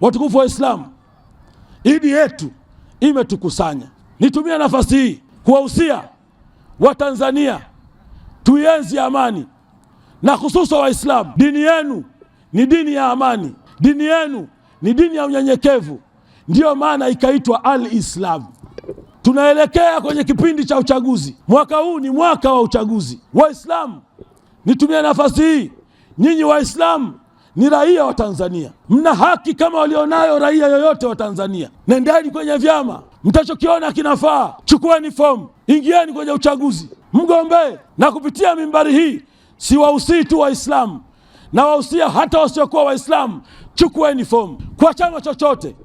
Watukufu wa Islamu, Idi yetu imetukusanya. Nitumie nafasi hii kuwahusia Watanzania tuienzi amani na hususa Waislamu, dini yenu ni dini ya amani, dini yenu ni dini ya unyenyekevu, ndiyo maana ikaitwa al-Islam. Tunaelekea kwenye kipindi cha uchaguzi, mwaka huu ni mwaka wa uchaguzi. Waislamu, nitumie nafasi hii, nyinyi Waislamu ni raia wa Tanzania. Mna haki kama walionayo raia yoyote wa Tanzania. Nendeni kwenye vyama, mtachokiona kinafaa, chukueni fomu, ingieni kwenye uchaguzi, mgombee. Na kupitia mimbari hii si wausii tu Waislamu na wausia hata wasiokuwa Waislamu, chukueni fomu kwa chama chochote,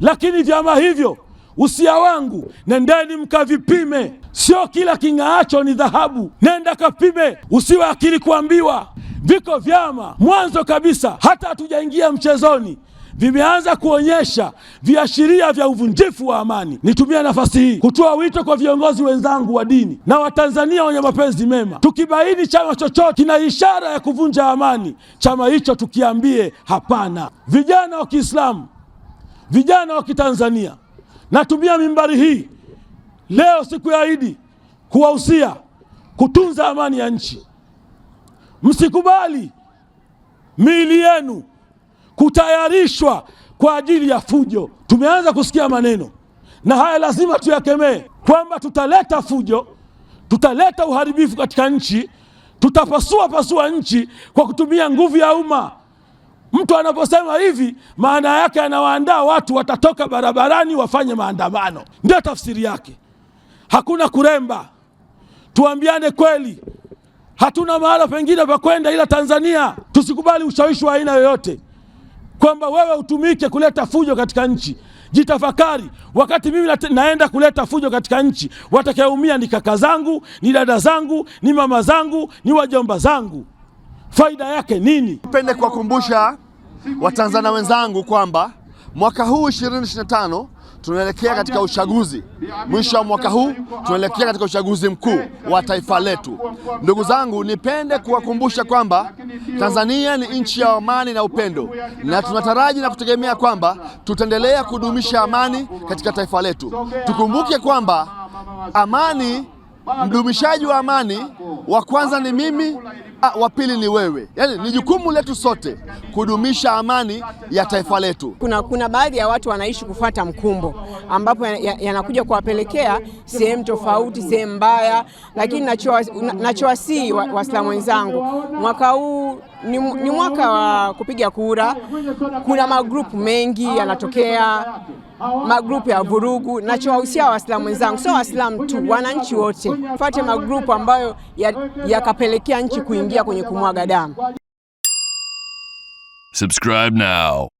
lakini vyama hivyo usia wangu, nendeni mkavipime. Sio kila king'aacho ni dhahabu. Nenda kapime, usiwe akili kuambiwa. Viko vyama mwanzo kabisa, hata hatujaingia mchezoni, vimeanza kuonyesha viashiria vya uvunjifu wa amani. Nitumie nafasi hii kutoa wito kwa viongozi wenzangu wa dini na Watanzania wenye mapenzi mema, tukibaini chama chochote kina ishara ya kuvunja amani, chama hicho tukiambie hapana. Vijana wa Kiislamu, vijana wa Kitanzania Natumia mimbari hii leo siku ya Idi kuwahusia kutunza amani ya nchi. Msikubali miili yenu kutayarishwa kwa ajili ya fujo. Tumeanza kusikia maneno na haya lazima tuyakemee, kwamba tutaleta fujo, tutaleta uharibifu katika nchi, tutapasua pasua nchi kwa kutumia nguvu ya umma. Mtu anaposema hivi, maana yake anawaandaa watu watatoka barabarani wafanye maandamano, ndio tafsiri yake. Hakuna kuremba, tuambiane kweli. Hatuna mahala pengine pa kwenda ila Tanzania. Tusikubali ushawishi wa aina yoyote kwamba wewe utumike kuleta fujo katika nchi. Jitafakari, wakati mimi naenda kuleta fujo katika nchi, watakaumia ni kaka zangu, ni dada zangu, ni mama zangu, ni wajomba zangu. Faida yake nini? Pende kuwakumbusha Watanzania wenzangu kwamba mwaka huu 2025 tunaelekea katika uchaguzi. Mwisho wa mwaka huu tunaelekea katika uchaguzi mkuu wa taifa letu. Ndugu zangu, nipende kuwakumbusha kwamba Tanzania ni nchi ya amani na upendo, na tunataraji na kutegemea kwamba tutaendelea kudumisha amani katika taifa letu. Tukumbuke kwamba amani, mdumishaji wa amani wa kwanza ni mimi Ah, wa pili ni wewe. Yaani ni jukumu letu sote kudumisha amani ya taifa letu. Kuna, kuna baadhi ya watu wanaishi kufuata mkumbo ambapo yanakuja ya, ya kuwapelekea sehemu tofauti, sehemu mbaya, lakini nachowasihi Waislamu wa wenzangu mwaka huu ni, ni mwaka wa kupiga kura. Kuna magrupu mengi yanatokea, magrupu ya vurugu. Nachowahusia Waislamu wenzangu, sio Waislamu tu, wananchi wote, fuate magrupu ambayo yakapelekea ya nchi kuingia kwenye kumwaga damu. Subscribe now.